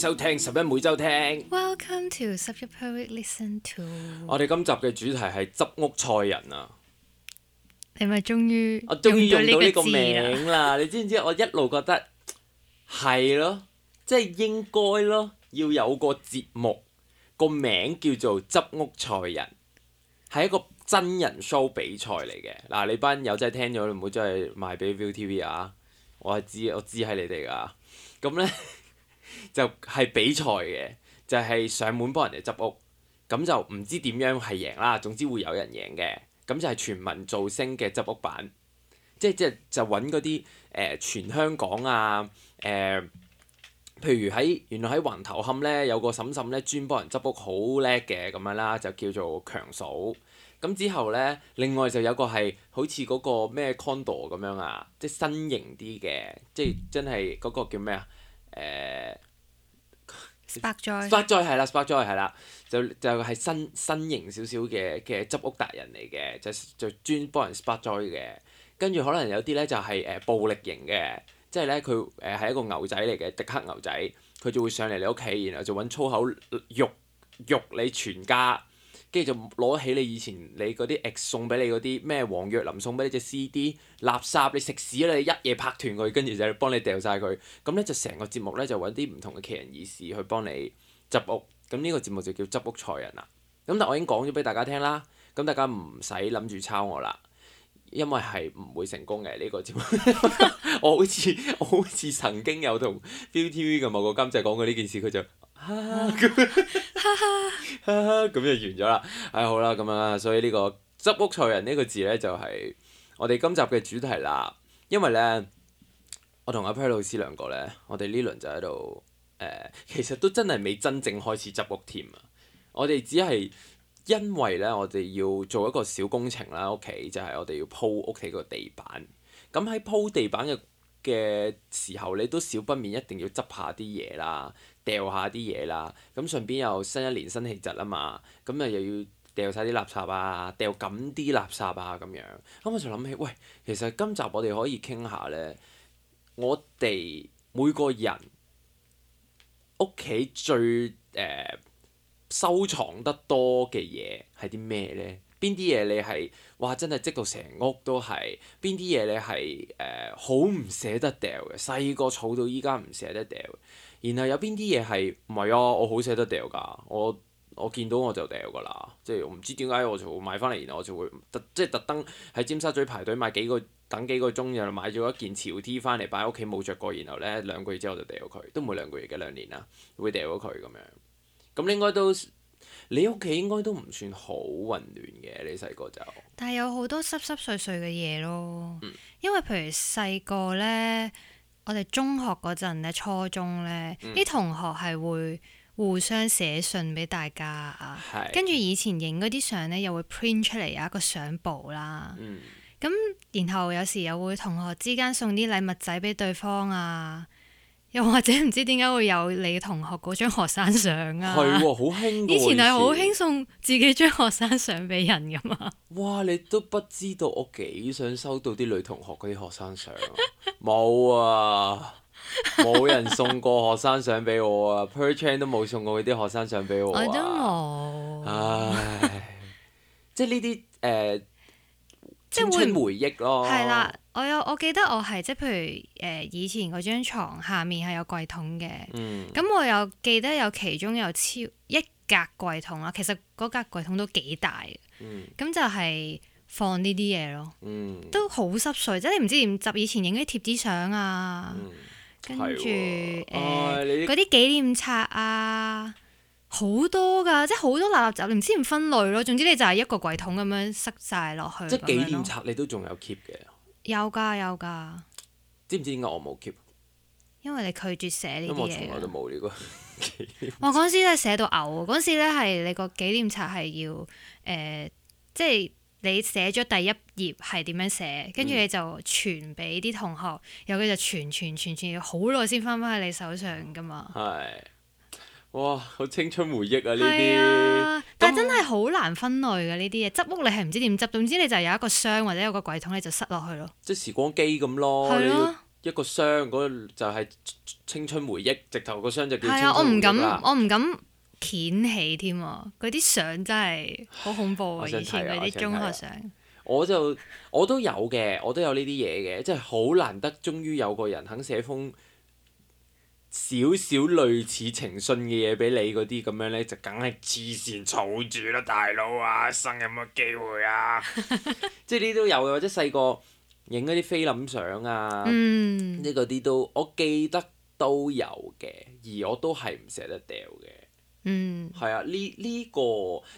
收聽十一每周聽。Welcome to 十一 Perfect Listen Two。我哋今集嘅主題係執屋賽人啊！你咪終於，我終於用到呢個名啦！你知唔知？我一路覺得係咯，即係應該咯，要有個節目個名叫做執屋賽人，係一個真人 show 比賽嚟嘅。嗱，你班友仔真係聽咗，你唔好再賣俾 ViuTV 啊！我係知，我知係你哋噶，咁呢。就係比賽嘅，就係、是、上門幫人哋執屋，咁就唔知點樣係贏啦。總之會有人贏嘅，咁就係全民造星嘅執屋版，即係即係就揾嗰啲誒全香港啊誒、呃，譬如喺原來喺橫頭磡呢，有個嬸嬸呢專幫人執屋好叻嘅咁樣啦，就叫做強嫂。咁之後呢，另外就有個係好似嗰個咩 condo 咁樣啊，即、就、係、是、新型啲嘅，即係真係嗰個叫咩啊？誒，Spark Joy，Spark Joy 係啦，Spark Joy 係啦，就就係、是、新新型少少嘅嘅執屋達人嚟嘅，就就專幫人 Spark Joy 嘅，跟住可能有啲呢，就係、是、誒、呃、暴力型嘅，即係呢，佢誒係一個牛仔嚟嘅，迪克牛仔，佢就會上嚟你屋企，然後就揾粗口辱辱你全家。跟住就攞起你以前你嗰啲 X 送俾你嗰啲咩王若琳送俾你隻 CD 垃圾，你食屎啦！你一夜拍斷佢，跟住就幫你掉晒佢。咁呢就成個節目呢，就揾啲唔同嘅奇人異事去幫你執屋。咁呢個節目就叫執屋賽人啦。咁但我已經講咗俾大家聽啦，咁大家唔使諗住抄我啦，因為係唔會成功嘅呢、這個節目 我。我好似我好似曾經有同 ViuTV 嘅某個監製講過呢件事，佢就～哈哈咁就完咗啦！唉、哎，好啦，咁樣所以呢、呢個執屋賽人呢個字呢，就係、是、我哋今集嘅主題啦。因為呢，我同阿 Per 老師兩個呢，我哋呢輪就喺度誒，其實都真係未真正開始執屋添啊！我哋只係因為呢，我哋要做一個小工程啦，屋企就係、是、我哋要鋪屋企個地板。咁喺鋪地板嘅嘅時候，你都少不免一定要執下啲嘢啦。掉下啲嘢啦，咁順便又新一年新氣質啊嘛，咁啊又要掉晒啲垃圾啊，掉緊啲垃圾啊咁樣，咁我就諗起，喂，其實今集我哋可以傾下呢，我哋每個人屋企最、呃、收藏得多嘅嘢係啲咩呢？邊啲嘢你係哇真係積到成屋都係？邊啲嘢你係好唔捨得掉嘅？細個儲到依家唔捨得掉。然後有邊啲嘢係唔係啊？我好捨得掉㗎，我我見到我就掉㗎啦。即係我唔知點解我就會買翻嚟，然後我就會特即係特登喺尖沙咀排隊買幾個等幾個鐘，然後買咗一件潮 T 翻嚟擺喺屋企冇着過，然後呢兩個月之後就掉佢，都唔會兩個月嘅兩年啦，會掉咗佢咁樣。咁應該都你屋企應該都唔算好混亂嘅，你細個就。但係有好多濕濕碎碎嘅嘢咯，嗯、因為譬如細個呢。我哋中學嗰陣咧，初中咧，啲、嗯、同學係會互相寫信俾大家啊，是跟住以前影嗰啲相咧又會 print 出嚟有一個相簿啦。咁、嗯、然後有時又會同學之間送啲禮物仔俾對方啊。又或者唔知點解會有你同學嗰張學生相啊？係喎、啊，好興。以前係好興送自己張學生相俾人噶嘛。哇！你都不知道我幾想收到啲女同學嗰啲學生相啊！冇 啊，冇人送過學生相俾我啊 ！Per chain 都冇送過佢啲學生相俾我啊！我都冇。唉，即係呢啲誒。Uh, 即會回憶咯，係啦。我有我記得我係即譬如誒、呃、以前嗰張牀下面係有櫃桶嘅，咁、嗯、我有記得有其中有超一格櫃桶啦。其實嗰格櫃桶都幾大，咁、嗯、就係放呢啲嘢咯，嗯、都好濕碎，即你唔知點執。以前影啲貼紙相啊，嗯、跟住誒嗰啲紀念冊啊。好多噶，即係好多垃圾，你唔知唔分類咯。總之你就係一個櫃桶咁樣塞晒落去。即係紀念冊你都仲有 keep 嘅？有噶有噶。知唔知點解我冇 keep？因為你拒絕寫呢啲嘢。我從來都冇呢個。我嗰時咧寫到嘔，嗰時咧係你個紀念冊係要誒、呃，即係你寫咗第一頁係點樣寫，跟住你就傳俾啲同學，嗯、有嘅就傳傳傳傳，要好耐先翻翻喺你手上噶嘛。係。哇！好青春回憶啊，呢啲、啊，但係真係好難分類嘅呢啲嘢，執樣屋你係唔知點執，總之你就有一個箱或者有個櫃桶，你就塞落去咯。即時光機咁咯，一、啊呢個呢個箱嗰就係青春回憶，直頭個箱就叫青春啦。係啊，我唔敢， 敢，我唔敢掀起添，嗰啲相真係好恐怖、啊啊、以前嗰啲中學相、啊啊，我就我都有嘅，我都有呢啲嘢嘅，即係好難得，終於有個人肯寫封。少少類似情信嘅嘢俾你嗰啲咁樣呢，就梗係黐線儲住啦，大佬啊，生有乜機會啊？ 即係呢都有嘅，或者細個影嗰啲菲林相啊，呢嗰啲都我記得都有嘅，而我都係唔捨得掉嘅。嗯，係啊，呢呢個，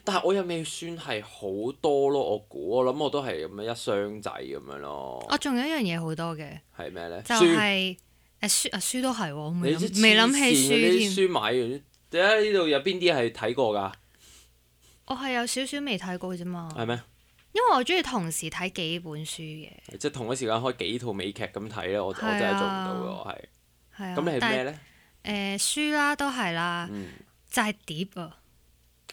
但係我又未算係好多咯。我估我諗我都係咁樣一箱仔咁樣咯。我仲有一樣嘢好多嘅。係咩呢？就係、是。書書都係，未諗未諗起書添。書買完，睇呢度有邊啲係睇過噶。我係有少少未睇過啫嘛。係咩？因為我中意同時睇幾本書嘅。即係同一時間開幾套美劇咁睇咧，我我真係做唔到嘅，我係。係啊。咁你係咩咧？誒，書啦都係啦，就係碟啊。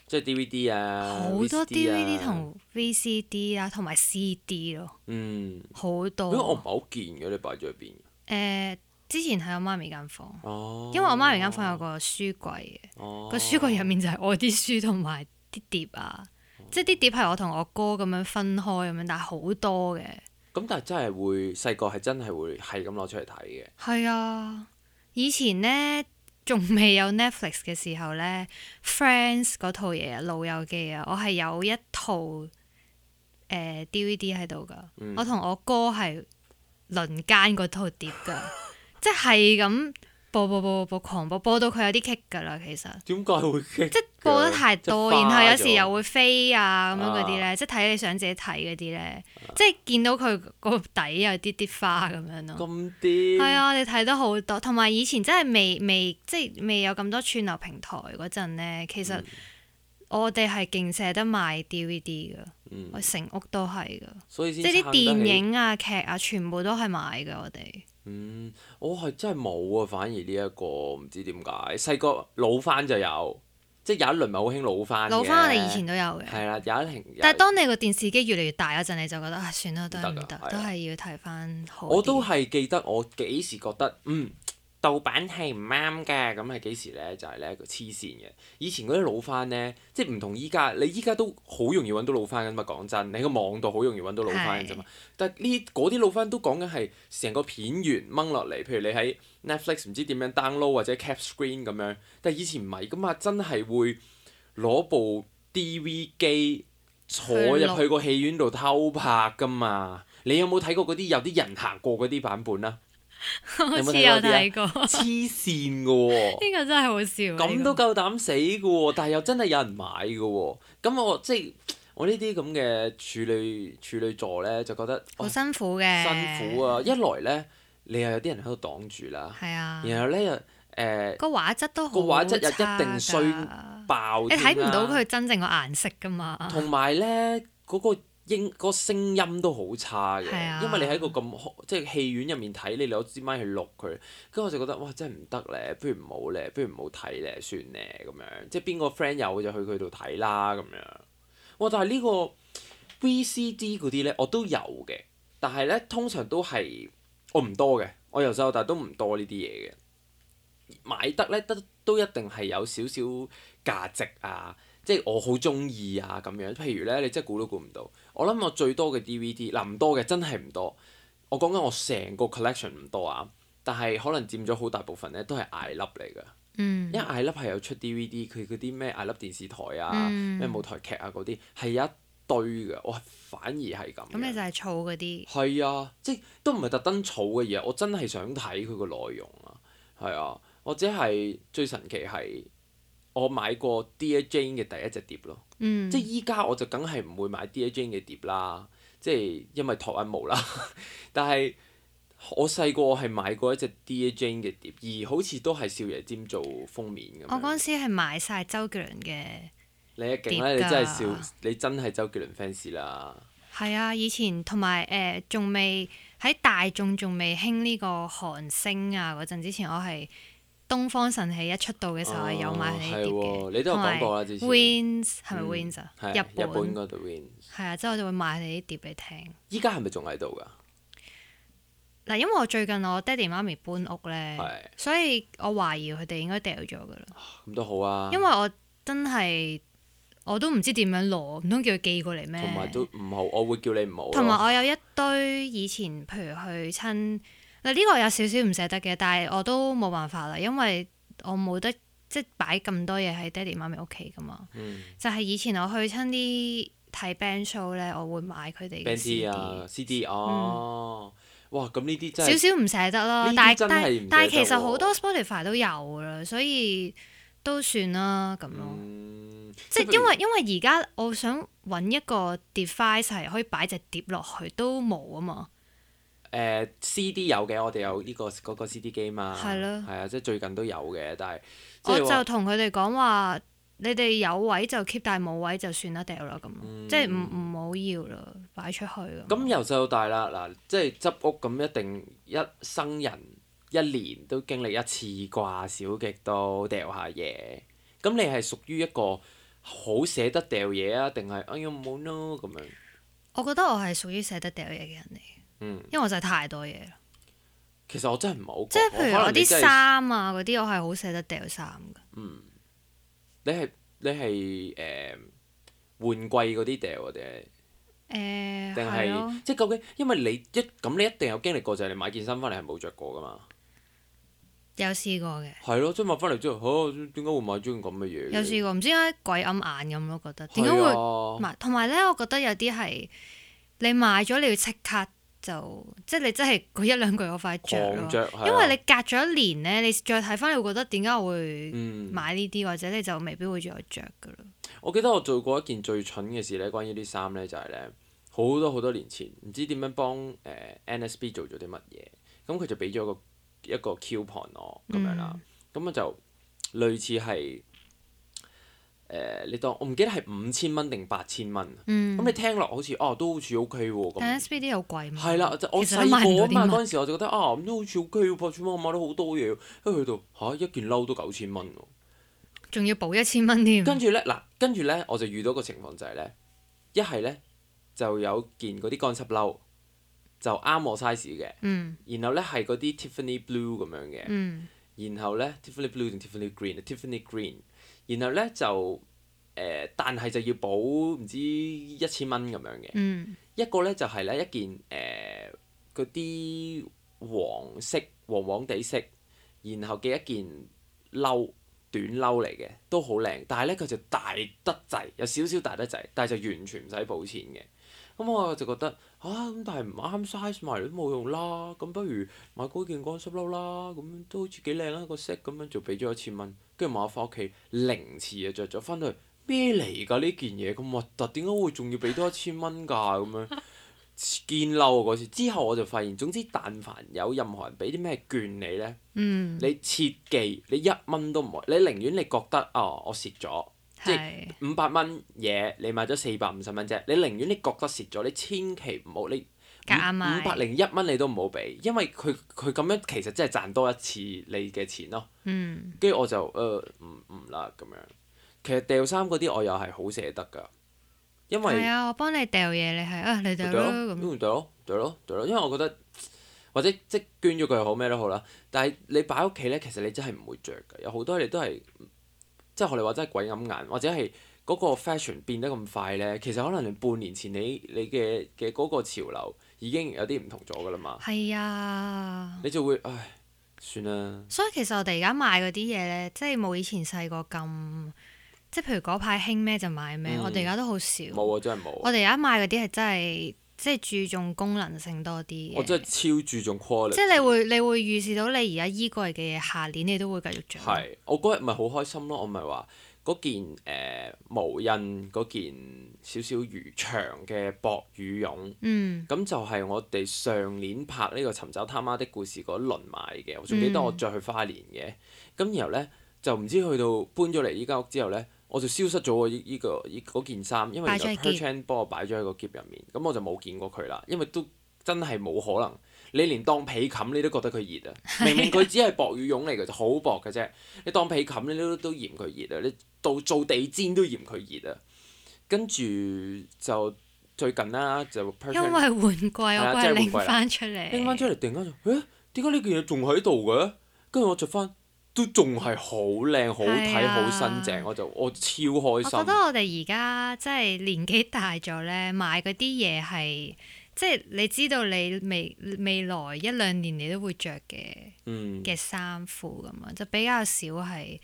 即係 D V D 啊，好多 D V D 同 V C D 啊，同埋 C D 咯。嗯，好多。咁我唔係好見嘅，你擺咗入邊？誒。之前喺我媽咪間房，oh, 因為我媽咪間房有個書櫃嘅，個、oh. 書櫃入面就係我啲書同埋啲碟啊，oh. 即係啲碟，譬如我同我哥咁樣分開咁樣，但係好多嘅。咁但係真係會細個係真係會係咁攞出嚟睇嘅。係啊，以前呢仲未有 Netflix 嘅時候呢 Friends 嗰套嘢啊，老友記啊，我係有一套、呃、DVD 喺度噶，嗯、我同我哥係輪間嗰套碟噶。 即係咁播播播播播狂播，播，播，播，播，播到佢有啲棘噶啦，其實。點解會棘？即係播得太多，然後有時又會飛啊咁樣嗰啲咧，即係睇你想自己睇嗰啲咧，即係見到佢個底有啲啲花咁樣咯。咁癲！係啊，我哋睇得好多，同埋以前真係未未，未即係未有咁多串流平台嗰陣咧，其實我哋係勁捨得買 DVD 噶，我成、嗯、屋都係噶，即係啲電影啊劇啊全部都係買噶我哋。嗯，我係真係冇啊，反而呢、這、一個唔知點解細個老番就有，即係有一輪咪好興老番。老番我哋以前都有嘅。係啦，有一輪。但係當你個電視機越嚟越大嗰陣，你就覺得啊，算啦，都係唔得，都係要睇翻。我都係記得我幾時覺得，嗯。盜版係唔啱㗎，咁係幾時呢？就係呢個黐線嘅。以前嗰啲老翻呢，即係唔同依家。你依家都好容易揾到老翻㗎嘛？講真，你喺個網度好容易揾到老翻嘅啫嘛。是但係呢啲老翻都講緊係成個片源掹落嚟，譬如你喺 Netflix 唔知點樣 download 或者 cap screen 咁樣。但係以前唔係㗎嘛，真係會攞部 DV 機坐入去個戲院度偷拍㗎嘛。你有冇睇過嗰啲有啲人行過嗰啲版本啊？ 好似有睇過，黐線㗎喎，呢 個真係好笑，咁都夠膽死㗎喎，但係又真係有人買㗎喎，咁我即係、就是、我呢啲咁嘅處女處女座呢，就覺得好辛苦嘅、哦，辛苦啊！一來呢，你又有啲人喺度擋住啦， 然後呢，又、呃、誒，個畫質都好個畫質又一定衰爆、啊，你睇唔到佢真正個顏色噶嘛，同埋呢，嗰、嗰個。應嗰、那個聲音都好差嘅，的因為你喺個咁即係戲院入面睇，你攞支麥去錄佢，跟住我就覺得哇，真係唔得咧，不如唔好咧，不如唔好睇咧，算咧咁樣，即係邊個 friend 有就去佢度睇啦咁樣。哇！但係呢個 VCD 嗰啲咧，我都有嘅，但係咧通常都係我唔多嘅，我由細到大都唔多呢啲嘢嘅。買得咧，得都，都一定係有少少價值啊！即係我好中意啊咁樣，譬如咧，你真係估都估唔到。我諗我最多嘅 DVD，嗱、啊、唔多嘅真係唔多。我講緊我成個 collection 唔多啊，但係可能佔咗好大部分咧，都係艾粒嚟嘅。嗯、因為艾粒係有出 DVD，佢嗰啲咩艾粒電視台啊，咩、嗯、舞台劇啊嗰啲係一堆㗎。我反而係咁。咁你就係儲嗰啲？係啊，即係都唔係特登儲嘅嘢。我真係想睇佢個內容啊，係啊，我即係最神奇係。我買過 Dear Jane 嘅第一隻碟咯，嗯、即係依家我就梗係唔會買 Dear Jane 嘅碟啦，即係因為託一毛啦。但係我細個我係買過一隻 Dear Jane 嘅碟，而好似都係少爺尖做封面咁。我嗰陣時係買晒周杰倫嘅碟㗎。你一勁咧，你真係少，你真係周杰倫 fans 啦。係啊，以前同埋誒，仲未喺大眾仲未興呢個韓星啊嗰陣之前，我係。東方神起一出道嘅時候、哦、有買佢啲碟嘅、哦，你都有講過啦、之前、同埋 Wins 係咪 Wins 啊？日本嗰度 Wins。係啊，之後我就會買你啲碟俾你聽。依家係咪仲喺度噶？嗱，因為我最近我爹哋媽咪搬屋咧，的所以我懷疑佢哋應該掉咗噶啦。咁都好啊。因為我真係我都唔知點樣攞，唔通叫佢寄過嚟咩？同埋都唔好，我會叫你唔好。同埋我有一堆以前，譬如去親。嗱，呢個有少少唔捨得嘅，但係我都冇辦法啦，因為我冇得即係擺咁多嘢喺爹哋媽咪屋企噶嘛。嗯、就係以前我去親啲睇 band show 咧，我會買佢哋嘅 CD 啊、嗯、CD 哦。哇，咁呢啲真係少少唔捨得咯。得咯，但係但係其實好多 Spotify 都有啦，所以都算啦咁、嗯、咯。即係雖然 以因為因為而家我想搵一個 device 係可以擺隻碟落去都冇啊嘛。誒、呃、CD 有嘅，我哋有呢、這個嗰、那個 CD 機嘛，m 係咯，係啊，即係的最近都有嘅，但係、就是、我就同佢哋講話，嗯、你哋有位就 keep，但係冇位就算啦，掉啦咁，即係唔唔好要啦，擺出去咯。咁由細到大啦，嗱，即係執屋咁一定一生人一年都經歷一次啩，少極都掉下嘢。咁你係屬於一個好捨得掉嘢啊，定係哎呀冇咯咁樣？我覺得我係屬於捨得掉嘢嘅人嚟。因為我真係太多嘢啦。其實我真係唔好，即係譬如話我啲衫啊嗰啲，我係好捨得掉衫㗎。嗯，你係你係誒、呃、換季嗰啲掉，或者誒，定係即係究竟因為你一咁，你一定有經歷過，就係你買件衫返嚟係冇着過㗎嘛？有試過嘅。係咯、啊，即係買返嚟之後，嚇，點解會買中咁嘅嘢？有試過，唔知點解鬼掩眼咁咯，覺得點解會買？同埋咧，啊、我覺得有啲係你買咗你要即刻。就即係你真係佢一兩句嗰塊著，因為你隔咗一年呢，你再睇翻，你會覺得點解我會買呢啲？嗯、或者你就未必會再著㗎啦。我記得我做過一件最蠢嘅事呢，關於啲衫呢，就係呢，好多好多年前，唔知點樣幫誒、呃、NSB 做咗啲乜嘢，咁佢就俾咗個一個 coupon 我咁樣啦，咁我、嗯、就類似係。誒，你當我唔記得係五千蚊定八千蚊？咁你聽落好似哦，都好似 OK 喎。但 S.P.D. 又貴。係啦，我細個啊嘛，嗰時我就覺得啊，咁都好似 OK 喎，八千我買咗好多嘢，跟住到吓一件褸都九千蚊喎，仲要補一千蚊添。跟住咧嗱，跟住咧我就遇到個情況就係咧，一係咧就有件嗰啲乾濕褸就啱我 size 嘅，然後咧係嗰啲 Tiffany Blue 咁樣嘅，然後咧 Tiffany Blue 定 Tiffany Green？Tiffany Green。然後咧就誒、呃，但係就要補唔知一千蚊咁樣嘅、嗯、一個咧，就係、是、咧一件誒啲、呃、黃色黃黃地色，然後嘅一件褸短褸嚟嘅都好靚，但係咧佢就大得滯，有少少大得滯，但係就完全唔使補錢嘅。咁我就覺得啊，咁，但係唔啱 size 買嚟都冇用啦。咁不如買嗰件乾濕褸啦，咁都好似幾靚啦。個色咁樣就俾咗一千蚊。跟住晚黑翻屋企，零次啊着咗翻去，咩嚟㗎？件 1, 呢件嘢咁核突，點解會仲要俾多一千蚊㗎？咁樣見嬲啊！嗰次之後我就發現，總之但凡有任何人俾啲咩券你呢、嗯，你切記你一蚊都唔可以，你寧願你覺得啊、哦，我蝕咗，是即係五百蚊嘢，你買咗四百五十蚊啫，你寧願你覺得蝕咗，你千祈唔好你。五,五百零一蚊你都唔好俾，因為佢佢咁樣其實真係賺多一次你嘅錢咯。嗯，跟住我就誒唔唔啦咁樣。其實掉衫嗰啲我又係好捨得㗎，因為係啊，我幫你掉嘢，你係啊，你掉啦咁，掉咯，掉咯、嗯，掉咯，因為我覺得或者即捐咗佢好咩都好啦。但係你擺屋企咧，其實你真係唔會着㗎。有好多你都係、即係即係、即係學你話真係鬼咁眼，或者係嗰個 fashion 變得咁快咧，其實可能你半年前你你嘅嘅嗰個潮流。已經有啲唔同咗㗎啦嘛，係啊，你就會唉，算啦。所以其實我哋而家買嗰啲嘢咧，即係冇以前細個咁，即係譬如嗰排興咩就買咩，嗯、我哋而家都好少。冇啊，真係冇、啊。我哋而家買嗰啲係真係即係注重功能性多啲。我真係超注重 quality。即係你會你會預示到你而家衣櫃嘅嘢，下年你都會繼續著。係，我嗰日咪好開心咯，我咪話。嗰件誒呃、無印嗰件少少魚長嘅薄羽絨，嗯，咁就係我哋上年拍呢、呢個尋找他媽的故事一輪買嘅，我仲記得我著去花蓮嘅。咁、嗯、然後咧就唔知去到搬咗嚟依間屋之後咧，我就消失咗喎呢個個件衫，因為就 Perchend 幫我擺咗喺個箧入面，咁我就冇見過佢啦，因為都真係冇可能。你連當被冚你都覺得佢熱啊！明明佢只係薄羽絨嚟嘅，就好薄嘅啫。你當被冚你都都嫌佢熱啊！你到做地氈都嫌佢熱啊！跟住就最近啦、啊，就 ally, 因為換季，我咪拎翻出嚟，拎翻出嚟突然間就，誒，點解呢件嘢仲喺度嘅？跟住我着翻都仲係好靚、好睇、啊、好新淨，我就我超開心。我覺得我哋而家即係年紀大咗咧，買嗰啲嘢係。即係你知道你未未來一兩年你都會著嘅嘅衫褲咁樣，就比較少係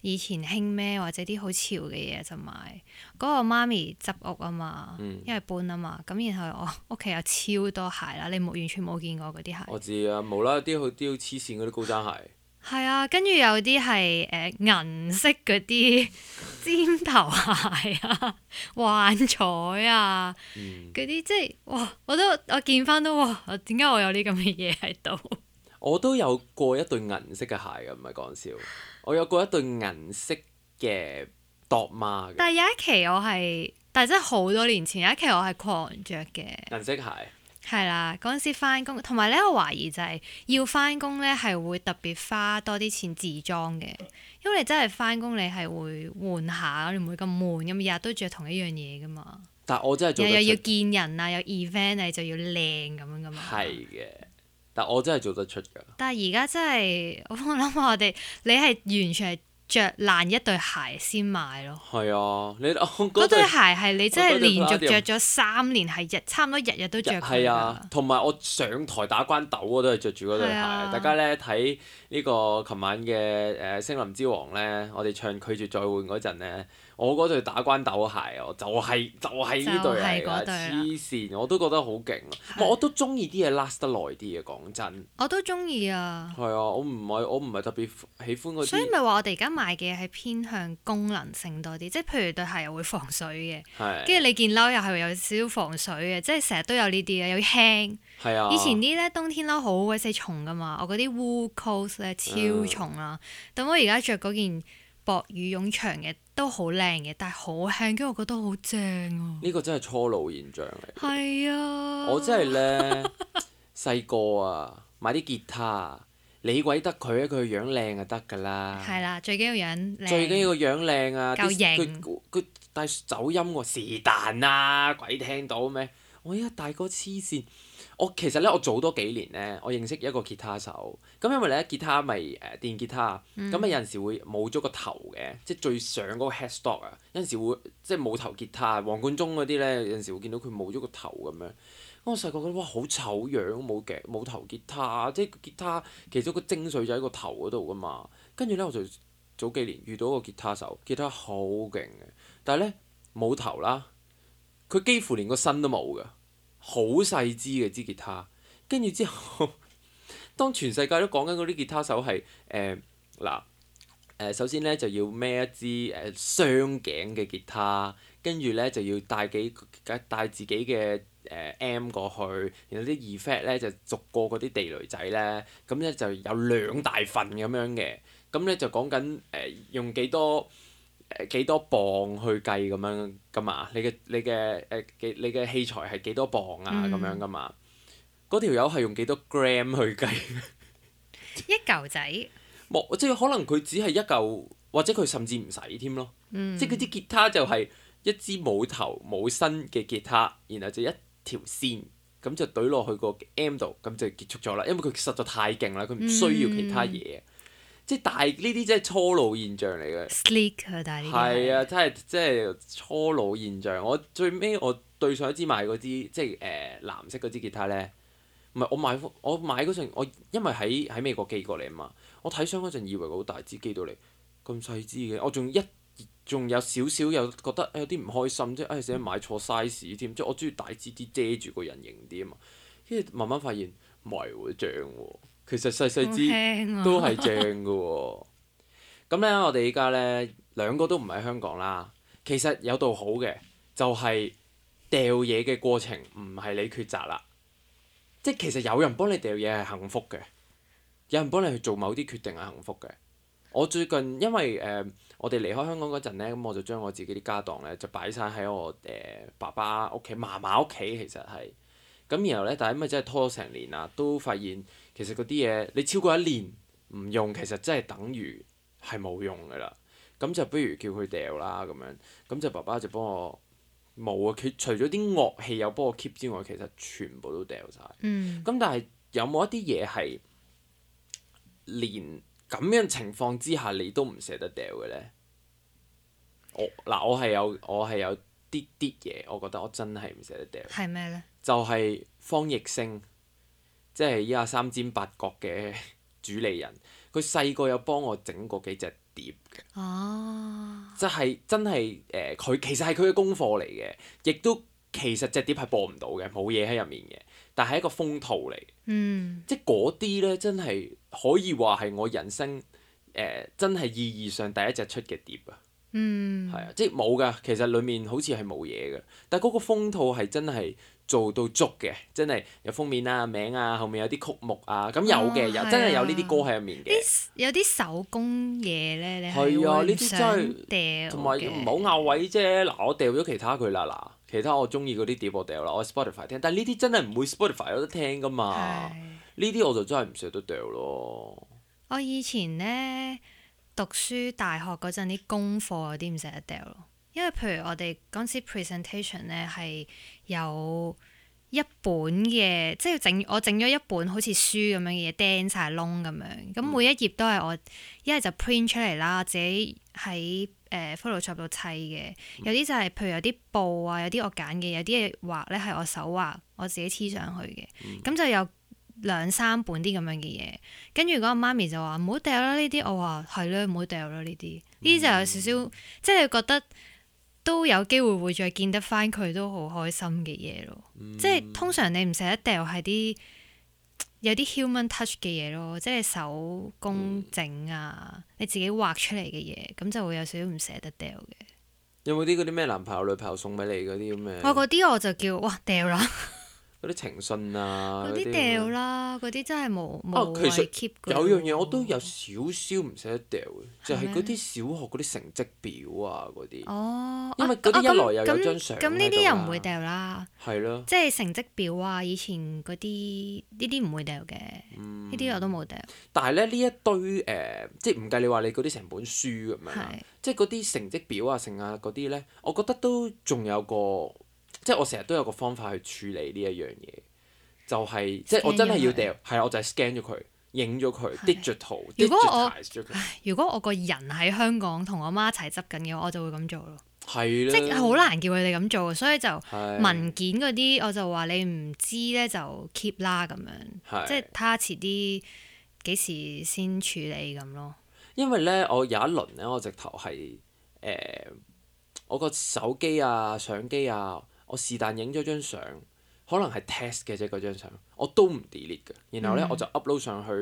以前興咩或者啲好潮嘅嘢就買。嗰、那個媽咪執屋啊嘛，嗯、因為搬啊嘛，咁然後我屋企有超多鞋啦，你冇完全冇見過嗰啲鞋。我知啊，無啦啦啲好啲黐線嗰啲高踭鞋。 係啊，跟住有啲係誒銀色嗰啲尖頭鞋啊，幻彩啊，嗰啲、嗯、即係哇！我都我見翻都哇，點解我有啲咁嘅嘢喺度？我都有過一對銀色嘅鞋㗎，唔係講笑。 我有過一對銀色嘅哆媽。但係有一期我係，但係真係好多年前有一期我係狂着嘅銀色鞋。係啦，嗰陣時翻工，同埋咧，我懷疑就係要翻工咧，係會特別花多啲錢自裝嘅，因為你真係翻工，你係會換下，你唔會咁悶，咁日日都着同一樣嘢噶嘛。但係我真係又又要見人啊，有 event 啊，就要靚咁樣噶嘛。係嘅，但我真係做得出㗎。但係而家真係，我諗下我哋你係完全係。着爛一對鞋先買咯。係啊，你我對鞋係你真係連續着咗三年，係日 差唔多日日都着佢。係啊，同埋我上台打關斗我都係着住嗰對鞋。啊、大家咧睇呢個琴晚嘅誒呃、《森林之王》咧，我哋唱拒絕再換嗰陣咧。我嗰對打關鬥鞋哦、啊，就係、係、就係呢對鞋，黐線，我都覺得好勁啊！我都中意啲嘢 last 得耐啲嘅，講真。我都中意啊。係啊，我唔係我唔係特別喜歡嗰。所以咪話我哋而家買嘅係偏向功能性多啲，即係譬如對鞋又會防水嘅，跟住、啊、你件褸又係有少少防水嘅，即係成日都有呢啲啊，又要輕。以前啲咧冬天褸好鬼死重噶嘛，我嗰啲 wool coats 咧超重啊。咁、嗯、我而家着嗰件。薄羽絨長嘅都好靚嘅，但係好輕，跟住我覺得好正啊！呢個真係初老現象嚟。係啊！我真係咧，細個 啊買啲吉他，你鬼得佢啊？佢樣靚就得㗎啦。係啦，最緊要樣靚。最緊要個樣靚啊！夠型。佢佢帶走音喎，是但啊！鬼、啊、聽到咩？我依家大個黐線。我其實咧，我早多幾年咧，我認識一個吉他手。咁因為咧，吉他咪、就、誒、是呃、電吉他啊，咁啊、嗯嗯、有陣時會冇咗個頭嘅，即係最上嗰個 headstock 啊。有陣時會即係冇頭吉他，黃貫中嗰啲咧，有陣時會見到佢冇咗個頭咁樣。咁我細個覺得哇，好醜樣，冇頸冇頭吉他，即係吉他其中個精髓就喺個頭嗰度噶嘛。跟住咧，我就早幾年遇到一個吉他手，吉他好勁嘅，但係咧冇頭啦，佢幾乎連個身都冇噶。好細支嘅支吉他，跟住之後， 當全世界都講緊嗰啲吉他手係誒嗱，首先呢就要孭一支誒雙頸嘅吉他，跟住呢就要帶幾帶自己嘅誒、呃、M 過去，然後啲 effect 呢就逐個嗰啲地雷仔呢，咁呢就有兩大份咁樣嘅，咁呢就講緊誒用幾多。誒幾多磅去計咁樣噶嘛？你嘅你嘅誒、呃、你嘅器材係幾多磅啊？咁、嗯、樣噶嘛？嗰條友係用幾多 gram 去計？ 一嚿仔？即係可能佢只係一嚿，或者佢甚至唔使添咯。嗯、即係佢啲吉他就係一支冇頭冇身嘅吉他，然後就一條線咁就懟落去個 M 度，咁就結束咗啦。因為佢實在太勁啦，佢唔需要其他嘢。嗯即係大呢啲，即係初老現象嚟嘅。Sleek 啊，大係，啊，真係即係初老現象。我最尾我對上一支買嗰支，即係，誒、呃、藍色嗰支吉他呢，唔係我買我買嗰陣，我因為喺喺美國寄過嚟啊嘛，我睇相嗰陣以為好大支寄到嚟，咁細支嘅，我仲一仲有少少有覺得有啲唔開心，即係誒死啦買錯 size 添，嗯、即係我中意大支啲遮住個人形啲啊嘛，跟住慢慢發現唔係喎，漲喎。其實細細支都係正嘅喎、哦。咁 呢，我哋依家呢兩個都唔喺香港啦。其實有度好嘅就係掉嘢嘅過程唔係你抉擇啦，即係其實有人幫你掉嘢係幸福嘅，有人幫你去做某啲決定係幸福嘅。我最近因為誒、呃、我哋離開香港嗰陣咧，咁我就將我自己啲家當呢就擺晒喺我誒、呃、爸爸屋企、媽媽屋企，其實係咁。然後呢，但係因為真係拖咗成年啦，都發現。其實嗰啲嘢你超過一年唔用，其實真係等於係冇用㗎啦。咁就不如叫佢掉啦咁樣。咁就爸爸就幫我冇啊。佢除咗啲樂器有幫我 keep 之外，其實全部都掉晒。嗯。咁但係有冇一啲嘢係連咁樣情況之下你都唔捨得掉嘅呢？我嗱、呃、我係有我係有啲啲嘢，我覺得我真係唔捨得掉。係咩呢？就係方逸星。即係依家三尖八角嘅主理人，佢細個有幫我整過幾隻碟嘅，啊、就係、是、真係誒，佢、呃、其實係佢嘅功課嚟嘅，亦都其實隻碟係播唔到嘅，冇嘢喺入面嘅，但係一個封套嚟，嗯、即係嗰啲呢，真係可以話係我人生誒、呃、真係意義上第一隻出嘅碟啊，係、嗯、啊，即係冇㗎，其實裡面好似係冇嘢嘅，但係嗰個封套係真係。做到足嘅，真係有封面啊、名啊，後面有啲曲目啊，咁有嘅、哦啊，有真係有呢啲歌喺入面嘅。有啲手工嘢咧，係啊，呢啲真係掉，同埋唔好拗位啫。嗱的，我掉咗其他佢啦，嗱，其他我中意嗰啲碟我掉啦，我 Spotify 聽，但係呢啲真係唔會 Spotify 有得聽噶嘛。呢啲的我就真係唔捨得掉咯。我以前咧讀書大學嗰陣啲功課有啲唔捨得掉咯，因為譬如我哋嗰次 presentation 咧係。有一本嘅，即係整我整咗一本好似書咁樣嘅嘢釘晒窿咁樣，咁、嗯、每一頁都係我一係就 print 出嚟啦，自己喺誒、呃、Photoshop 度砌嘅。嗯、有啲就係、是、譬如有啲布啊，有啲我揀嘅，有啲畫咧係我手畫，我自己黐上去嘅。咁、嗯、就有兩三本啲咁樣嘅嘢，跟住嗰個媽咪就話唔好掉啦，呢啲我話係囉，唔好掉啦呢啲。呢啲、嗯、就有少少，即係覺得。都有機會會再見得返佢都好開心嘅嘢咯、嗯、咯，即係通常你唔捨得掉係啲有啲 human touch 嘅嘢咯，即係手工整啊，嗯、你自己畫出嚟嘅嘢，咁就會有少少唔捨得掉嘅。有冇啲嗰啲咩男朋友、女朋友送俾你嗰啲咁嘅？我嗰啲我就叫哇掉啦！ 嗰啲情信啊，嗰啲掉啦，嗰啲真係冇冇為，其實有樣嘢我都有少少唔捨得掉嘅，就係嗰啲小學嗰啲成績表啊嗰啲。哦。因為嗰啲一來又有張相喺度啊，咁呢啲又唔會掉啦。係咯。即係成績表啊，以前嗰啲呢啲唔會掉嘅，呢啲我都冇掉。但係咧，呢一堆誒，即係唔計你話你嗰啲成本書咁樣，即係嗰啲成績表啊剩啊嗰啲咧，我覺得都仲有個。即係我成日都有個方法去處理呢一樣嘢，就係、是、即係我真係要掉，係啊，我就係 scan 咗佢，影咗佢，digital，digital，digitalize 佢。如果我，如果我個人喺香港同我媽一齊執緊嘅話，我就會咁做咯。係的即係好難叫佢哋咁做，所以就文件嗰啲，的我就話你唔知咧就 keep 啦咁樣，的即係佢遲啲幾時先處理咁咯。因為咧，我有一輪咧、呃，我直頭係誒，我個手機啊、相機啊。我是但影咗張相，可能係 test 嘅啫。嗰張相，我都唔 delete 嘅。然後呢，mm. 我就 upload 上去。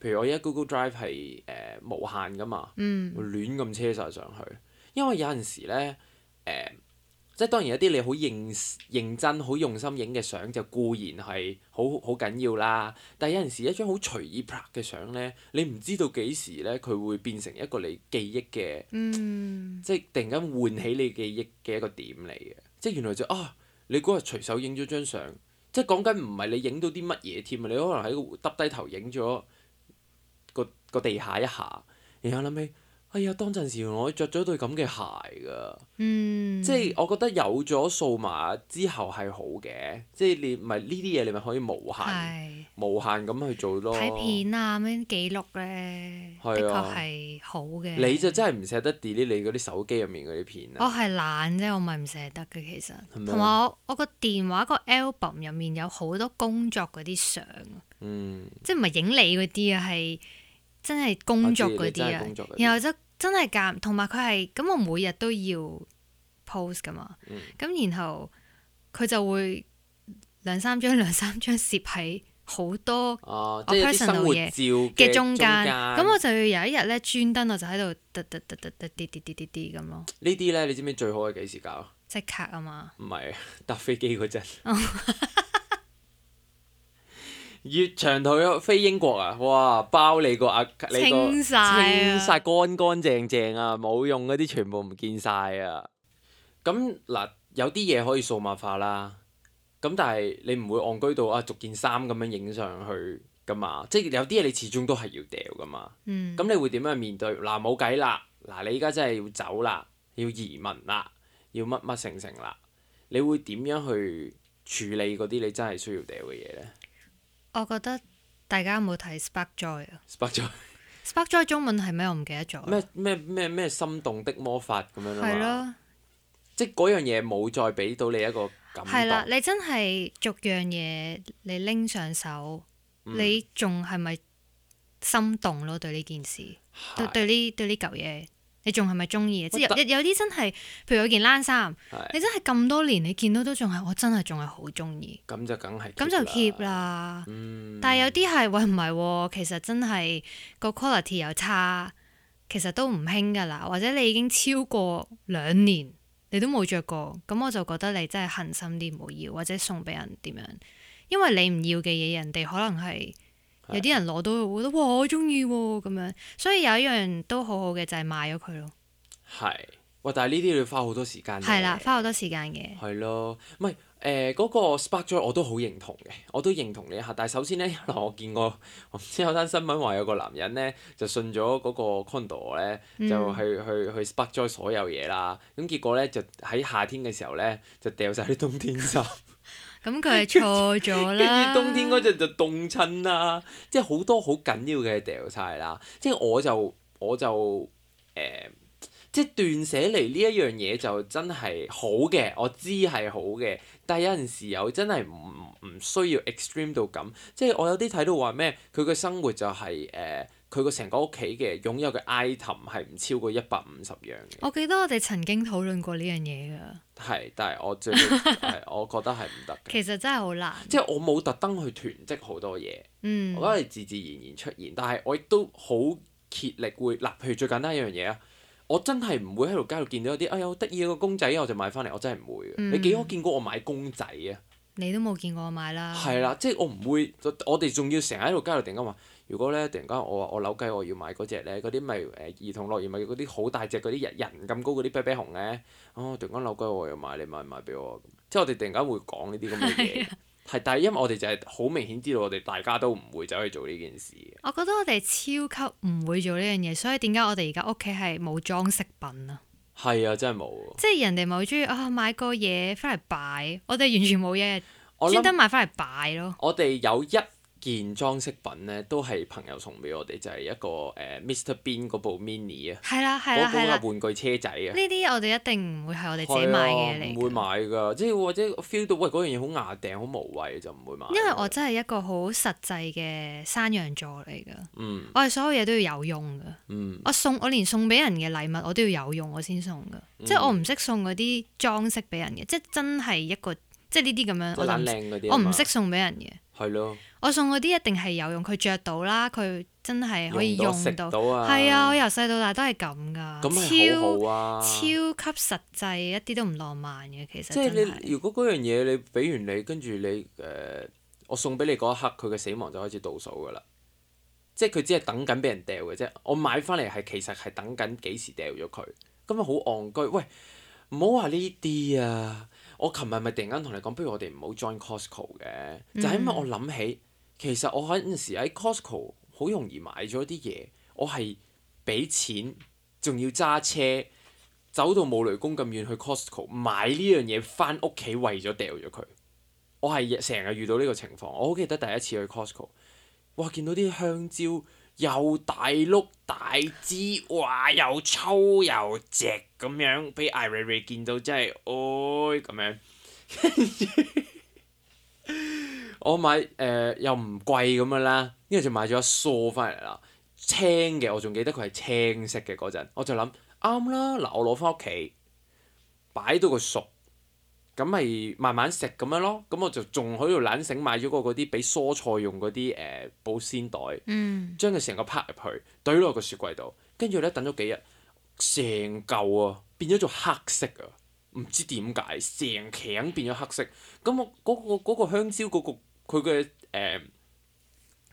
譬如我而家 Google Drive 係誒、呃、無限噶嘛，亂咁車晒上去。因為有陣時呢，呃、即係當然一啲你好認認真、好用心影嘅相，就固然係好好緊要啦。但係有陣時一張好隨意拍嘅相呢，你唔知道幾時呢，佢會變成一個你記憶嘅，mm. 即係突然間喚起你記憶嘅一個點嚟嘅。即原來就啊，你嗰日隨手影咗張相，即係講緊唔係你影到啲乜嘢添啊，你可能喺度耷低頭影咗個個地下一下，然後諗起。哎呀，當陣時我着咗對咁嘅鞋噶，嗯、即係我覺得有咗數碼之後係好嘅，即係你唔係呢啲嘢你咪可以無限是無限咁去做咯。睇片啊，咩記錄咧，啊、的確係好嘅。你就真係唔捨得 delete 你嗰啲手機入面嗰啲片啊！我係懶啫，我咪唔捨得嘅其實。同埋嗎我我個電話個 album 入面有好多工作嗰啲相，嗯，即係唔係影你嗰啲啊，係。真係工作嗰啲啊，然後就真係夾，同埋佢係咁我每日都要 post 㗎嘛，咁然後佢就會兩三張兩三張攝喺好多我 personal 嘅嘢嘅中間，咁我就要有一日咧專登我就喺度滴滴滴滴滴滴滴滴滴咁咯。呢啲咧你知唔知最好係幾時搞？即刻啊嘛！唔係搭飛機嗰陣。越長途飛英國啊！哇，包你個阿、啊、清你個清曬、清曬乾乾淨淨啊！冇用嗰啲全部唔見晒啊！咁嗱，有啲嘢可以數碼化啦。咁但係你唔會戇居到啊，逐件衫咁樣影上去噶嘛？即係有啲嘢你始終都係要掉噶嘛。嗯。咁你會點樣面對嗱？冇計啦！嗱，你依家真係要走啦，要移民啦，要乜乜成成啦，你會點樣去處理嗰啲你真係需要掉嘅嘢呢？我覺得大家有冇睇 Spark Joy 啊 ，Spark Joy，Spark Joy 中文係咩？我唔記得咗。咩咩咩咩心動的魔法咁樣啊嘛，的即係嗰樣嘢冇再俾到你一個感覺。係啦，你真係逐樣嘢你拎上手，嗯、你仲係咪心動咯？對呢件事，的對對呢對呢嚿嘢。你仲係咪中意？即哇有噢有啲真係，譬如有件冷衫是，你真係咁多年你見到都仲係，我真係仲係好中意。咁就梗係咁就 keep 啦。嗯、但係有啲係喂唔係、哦，其實真係個 quality 又差，其實都唔興㗎啦。或者你已經超過兩年，你都冇着過，咁我就覺得你真係狠心啲唔要，或者送俾人點樣？因為你唔要嘅嘢，人哋可能係。有啲人攞到，我覺得哇好中意喎咁樣，所以有一樣都好好嘅就係賣咗佢咯。係，哇！但係呢啲要花好多時間。係啦，花好多時間嘅。係咯，唔係誒嗰個 Spark Joy 我都好認同嘅，我都認同你嚇。但係首先呢，我見過之後有單新聞話有個男人呢，就信咗嗰個 Kondo 咧，就去、嗯、去去，去 Spark Joy 所有嘢啦。咁結果呢，就喺夏天嘅時候呢，就掉晒啲冬天衫。 咁佢係錯咗啦，跟住冬天嗰陣就凍親啦，即係好多好緊要嘅掉曬啦，即係我就我就誒、呃，即係斷捨離呢一樣嘢就真係好嘅，我知係好嘅，但係有陣時又真係唔唔需要 extreme 到咁，即係我有啲睇到話咩，佢嘅生活就係、是、誒。呃佢個成個屋企嘅擁有嘅 item 係唔超過一百五十樣嘅。我記得我哋曾經討論過呢樣嘢噶。係，但係我最係我覺得係唔得嘅。其實真係好難。即係我冇特登去囤積好多嘢。嗯。我覺得係、嗯、自自然然出現，但係我亦都好竭力會嗱，譬如最簡單一樣嘢啊，我真係唔會喺度街度見到啲哎呀好得意嘅個公仔，我就買翻嚟。我真係唔會、嗯、你幾可見過我買公仔啊？你都冇見過我買啦。係啦，即係我唔會，我哋仲要成日喺度街度突然間話。如果咧，突然間我話我扭計我要買嗰隻咧，嗰啲咪誒兒童樂園咪嗰啲好大隻嗰啲人人咁高嗰啲啤啤熊咧，哦！突然間扭計我要買，你買唔買俾我？即係我哋突然間會講呢啲咁嘅嘢，係， 但係因為我哋就係好明顯知道我哋大家都唔會走去做呢件事。我覺得我哋超級唔會做呢樣嘢，所以點解我哋而家屋企係冇裝飾品啊？係啊，真係冇。即係人哋咪好中意啊，買個嘢翻嚟擺，我哋完全冇嘢，專登我想 買翻嚟擺咯。我哋有一件裝飾品咧都係朋友送俾我哋，就係、是、一個誒、呃、Mr. Bean 嗰部 mini 啊，嗰個、啊、玩具車仔啊。呢啲、啊、我哋一定唔會係我哋自己買嘅嘢嚟。唔會買㗎，即係或者我 feel 到喂嗰樣嘢好牙釘，好無謂就唔會買。因為我真係一個好實際嘅山羊座嚟㗎，嗯、我哋所有嘢都要有用㗎。嗯、我送我連送俾人嘅禮物我都要有用我，嗯、我先送㗎。即係我唔識送嗰啲裝飾俾人嘅，即係真係一個即係呢啲咁樣，我唔，我唔識送俾人嘅。係咯。我送嗰啲一定係有用，佢着到啦，佢真係可以用到，啊。係啊！我由細到大都係咁噶，啊、超超級實際，一啲都唔浪漫嘅其實。即係你如果嗰樣嘢你俾完你跟住你誒、呃，我送俾你嗰一刻，佢嘅死亡就開始倒數噶啦。即係佢只係等緊俾人掉嘅啫。我買翻嚟係其實係等緊幾時掉咗佢，咁咪好戇居？喂，唔好話呢啲啊！我琴日咪突然間同你講，不如我哋唔好 join Costco 嘅，就係、係、因為我諗起。嗯其實我喺陣時喺 Costco 好容易買咗啲嘢，我係俾錢仲要揸車走到冇雷公咁遠去 Costco 買呢樣嘢翻屋企，為咗掉咗佢，我係成日遇到呢個情況。我好記得第一次去 Costco，哇！見到啲香蕉又大碌大枝，哇！又粗又直咁樣，俾艾瑞 a 見到真係，哦，咁樣。 我買誒、呃、又唔貴咁樣啦，因為就買咗一梳翻嚟啦，青嘅我仲記得佢係青色嘅嗰陣，我就諗啱啦，嗱我攞翻屋企擺到佢熟，咁咪慢慢食咁樣咯。咁我就仲喺度懶醒買咗個嗰啲俾蔬菜用嗰啲誒保鮮袋，嗯、將佢成個拍入去，堆落個雪櫃度。跟住咧等咗幾日，成嚿啊變咗做黑色啊，唔知點解成頸變咗黑色。咁我嗰、嗰個嗰個嗰個香蕉嗰、嗰個。佢嘅誒，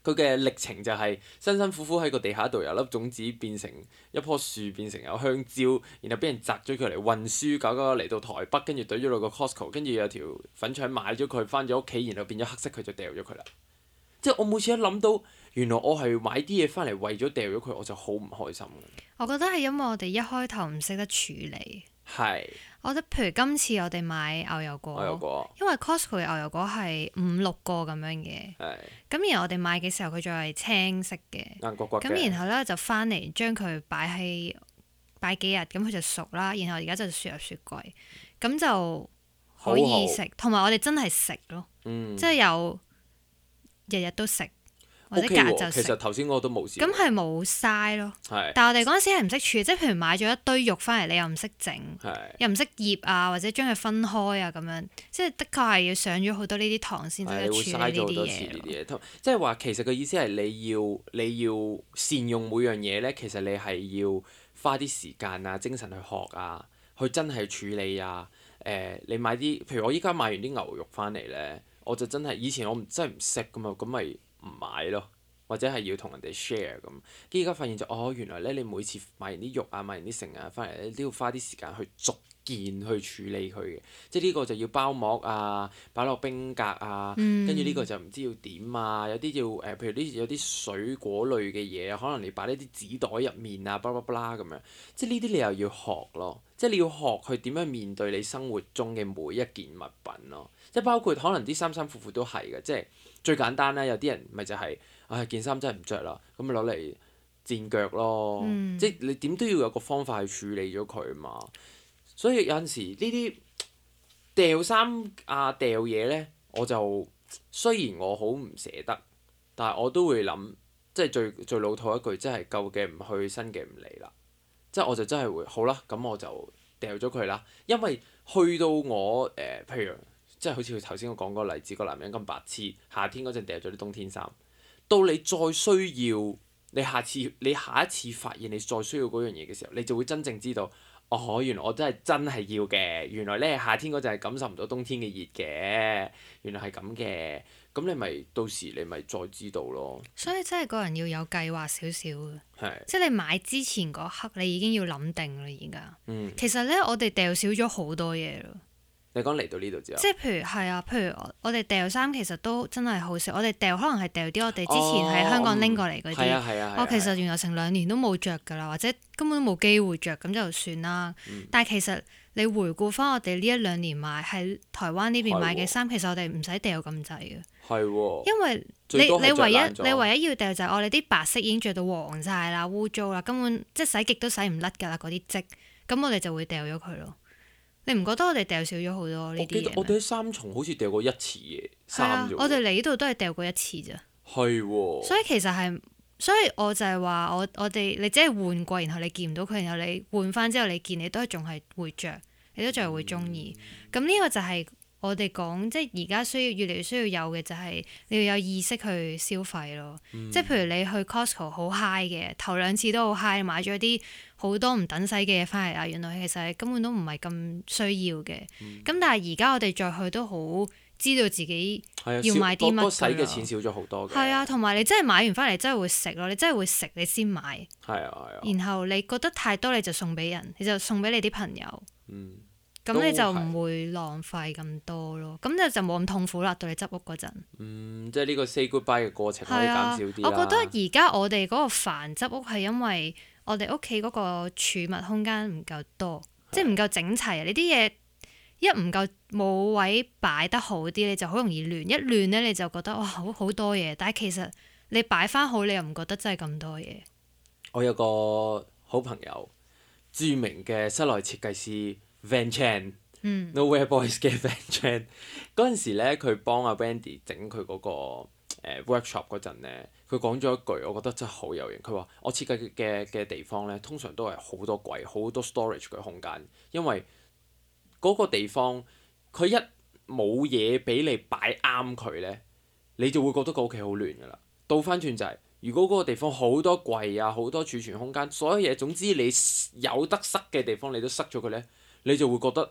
佢嘅、呃、歷程就係、是、辛辛苦苦喺個地下度有粒種子變成一棵樹，變成有香蕉，然後俾人摘咗佢嚟運輸，搞搞嚟到台北，跟住堆咗落個 Costco，跟住有條粉腸買咗佢翻咗屋企，然後變咗黑色，佢就掉咗佢啦。即係我每次一諗到，原來我係買啲嘢翻嚟為咗掉咗佢，我就好唔開心。我覺得係因為我哋一開頭唔識得處理。係。我覺得譬如今次我哋買牛油果，因為 Costco 嘅牛油果係五六個咁樣嘅，咁然後是我哋買嘅時候佢仲係青色嘅，咁、嗯、然後呢，就翻嚟將佢擺喺擺幾日，咁佢就熟啦。然後而家就雪入雪櫃，咁就可以食。同埋好我哋真係食咯，嗯、即係有日日都食。Okay 或者其實頭先是的 我都冇事。咁係冇嘥咯。但係我哋嗰陣時係唔識處理，即係譬如買咗一堆肉翻嚟，你又唔識整，又唔識醃啊，或者將佢分開啊咁樣，即係的確係要上咗好多呢啲堂先。係會嘥咗好多時呢啲嘢。即係話，其實個意思係你要你要善用每樣嘢呢。其實你係要花啲時間啊、精神去學啊、去真係處理啊。誒、呃，你買啲譬如我依家買完啲牛肉翻嚟呢，我就真係以前我唔真係唔識噶嘛，咁咪、就是。唔買咯，或者係要同人哋 share 咁，跟而家發現就哦，原來呢，你每次買完啲肉啊，買完啲餸啊，翻嚟你都要花啲時間去逐件去處理佢嘅，即係呢個就要包膜啊，擺落冰格啊，跟住呢個就唔知要點啊，有啲要、呃、譬如啲有啲水果類嘅嘢，可能你擺呢啲紙袋入面啊，巴拉巴拉咁樣，即係呢啲你又要學咯，即係你要學去點樣面對你生活中嘅每一件物品咯，即係包括可能啲衫衫褲褲都係嘅，即係。最簡單咧，有啲人咪就係、是，唉、哎，件衫真係唔著啦，咁咪攞嚟墊腳咯，嗯、即係你點都要有個方法去處理咗佢嘛。所以有陣時呢啲掉衫啊、掉嘢呢，我就雖然我好唔捨得，但係我都會諗，即係最最老套一句，真係舊嘅唔去，新嘅唔嚟啦。即係我就真係會好啦，咁我就掉咗佢啦。因為去到我、呃、譬如。即係好似佢頭先我講嗰個例子，個男人咁白痴，夏天嗰陣掉咗啲冬天衫，到你再需要你下次你下一次發現你再需要嗰樣嘢嘅時候，你就會真正知道哦，原來我真係真係要嘅，原來呢夏天嗰陣係感受唔到冬天嘅熱嘅，原來係咁嘅，咁你咪到時你咪再知道咯。所以真係個人要有計劃少少是即係你買之前嗰刻你已經要諗定啦，而家、嗯、其實呢，我哋掉少咗好多嘢咯。你講嚟到呢度之後，即係譬如係啊，譬如我哋掉衫其實都真係好少，我哋掉可能係掉啲我哋之前喺香港拎過嚟嗰啲。我、啊啊哦、其實原來成兩年都冇着㗎啦，或者根本都冇機會着。咁就算啦。嗯、但係其實你回顧翻我哋呢一兩年買喺台灣呢邊買嘅衫，啊、其實我哋唔使掉咁滯嘅。啊、因為你你唯一你唯一要掉就係我哋啲白色已經着到黃晒啦、污糟啦，根本即係洗極都洗唔甩㗎啦嗰啲漬，咁我哋就會掉咗佢咯。你唔覺得我哋掉少咗好多呢啲，我記得我哋喺三重好似掉過一次嘢。啊、三我哋嚟呢度都係掉過一次啫。係、哦、所以其實係，所以我就係話，我我哋你只係換季，然後你見唔到佢，然後你換翻之後你見你，你都係仲係會着，你都仲係會鍾意。咁呢、嗯、個就係我哋講，即係而家需要越嚟越需要有嘅就係、是、你要有意識去消費咯。嗯、即係譬如你去 Costco 好 high 嘅，頭兩次都好 high，買咗啲。好多唔等使嘅嘢翻嚟啊！原來其實根本都唔係咁需要嘅。咁、嗯、但係而家我哋再去都好知道自己、嗯、要買啲乜。使嘅錢少咗好多嘅。係啊、嗯，同埋你真係買完翻嚟真係會食咯，你真係會食你先買。嗯嗯、然後你覺得太多你就送俾人，你就送俾你啲朋友。嗯。咁你就唔會浪費咁多咯。咁、嗯嗯、就就冇咁痛苦啦，到你執屋嗰陣、嗯。即係呢個 say goodbye 嘅過程可以減少啲、嗯、我覺得而家我哋嗰個煩執屋係因為。我哋屋企嗰個儲物空間唔夠多，的即係唔夠整齊啊！你啲嘢一唔夠冇位擺得好啲，你就好容易亂。一亂呢，你就覺得哇，好好多嘢。但係其實你擺翻好，你又唔覺得真係咁多嘢。我有個好朋友，著名嘅室內設計師 Van Chan，嗯，Nowhere Boys 嘅 Van Chan，嗰 陣時呢，佢幫阿 Wendy 整佢嗰個 workshop 嗰陣呢。佢講咗一句，我覺得真係好有型。佢話：我設計嘅嘅地方呢，通常都係好多櫃，好多 storage 嘅空間，因為嗰個地方佢一冇嘢俾你擺啱佢呢，你就會覺得個屋企好亂㗎啦。倒翻轉就係、是，如果嗰個地方好多櫃啊，好多儲存空間，所有嘢總之你有得塞嘅地方你都塞咗佢呢，你就會覺得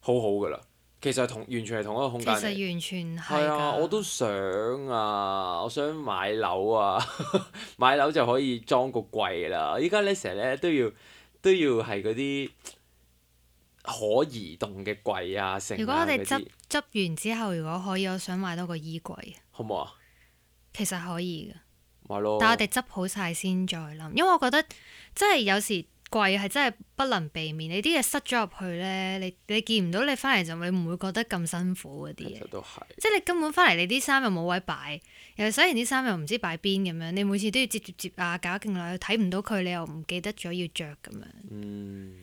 好好㗎啦。其實同完全係同一個空間。其實完全係㗎。係啊，我都想啊，我想買樓啊， 買樓就可以裝個櫃啦。依家咧成日咧都要都要係嗰啲可移動嘅櫃啊，剩。如果我哋執執完之後，如果可以，我想買多個衣櫃。好唔好啊？其實可以㗎。咪咯。但我哋執好晒先再諗，因為我覺得即係有時。櫃係真係不能避免，你啲嘢塞咗入去呢，你你見唔到你，你翻嚟就咪唔會覺得咁辛苦嗰啲嘢。其實都係，即係你根本翻嚟，你啲衫又冇位擺，又洗完啲衫又唔知擺邊咁樣，你每次都要摺摺摺啊，搞勁耐，睇唔到佢，你又唔記得咗要着咁樣。嗯，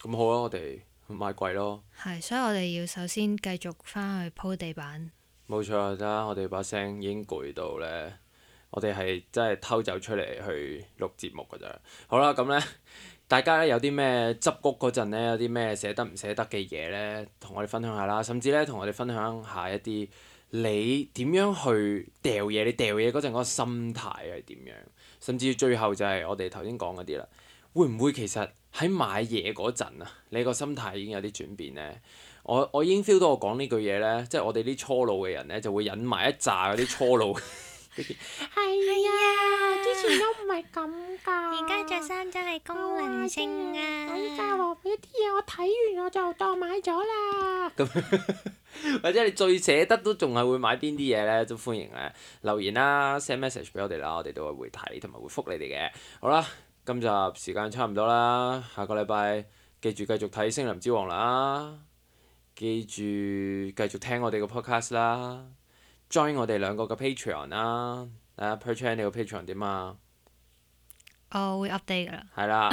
咁好啦，我哋買櫃咯。係，所以我哋要首先繼續翻去鋪地板。冇錯啊，家我哋把聲已經攰到呢。我哋係真係偷走出嚟去錄節目噶咋。好啦，咁呢，大家有啲咩執谷嗰陣咧，有啲咩捨得唔捨得嘅嘢呢？同我哋分享下啦。甚至呢，同我哋分享下一啲你點樣去掉嘢？你掉嘢嗰陣嗰個心態係點樣？甚至最後就係我哋頭先講嗰啲啦。會唔會其實喺買嘢嗰陣啊，你個心態已經有啲轉變呢？我我已經 feel 到我講呢句嘢呢，即係我哋啲初老嘅人呢，就會引埋一紮嗰啲初老。 係 啊！之前都唔係咁噶，而家着衫真係功能性啊！我真係話俾啲嘢，我睇完我就當買咗啦。咁或者你最捨得都仲係會買邊啲嘢呢？都歡迎咧留言啦，send message 俾我哋啦，我哋都會睇同埋會覆你哋嘅。好啦，今集時間差唔多啦，下個禮拜記住繼續睇《星林之王》啦，記住繼續聽我哋嘅 podcast 啦。join 我哋兩個嘅 Patreon 啦，啊 Patreon 你個 Patreon 點啊？啊哦，會 update 噶啦。係 啦，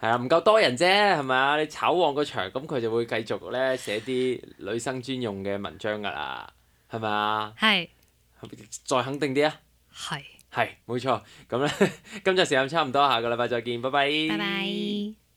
係啦，唔夠多人啫，係咪啊？你炒旺個場，咁佢就會繼續咧寫啲女生專用嘅文章噶啦，係咪啊？係是。再肯定啲啊！係是。係，冇錯。咁咧，今集時間差唔多，下個禮拜再見，拜拜。拜拜。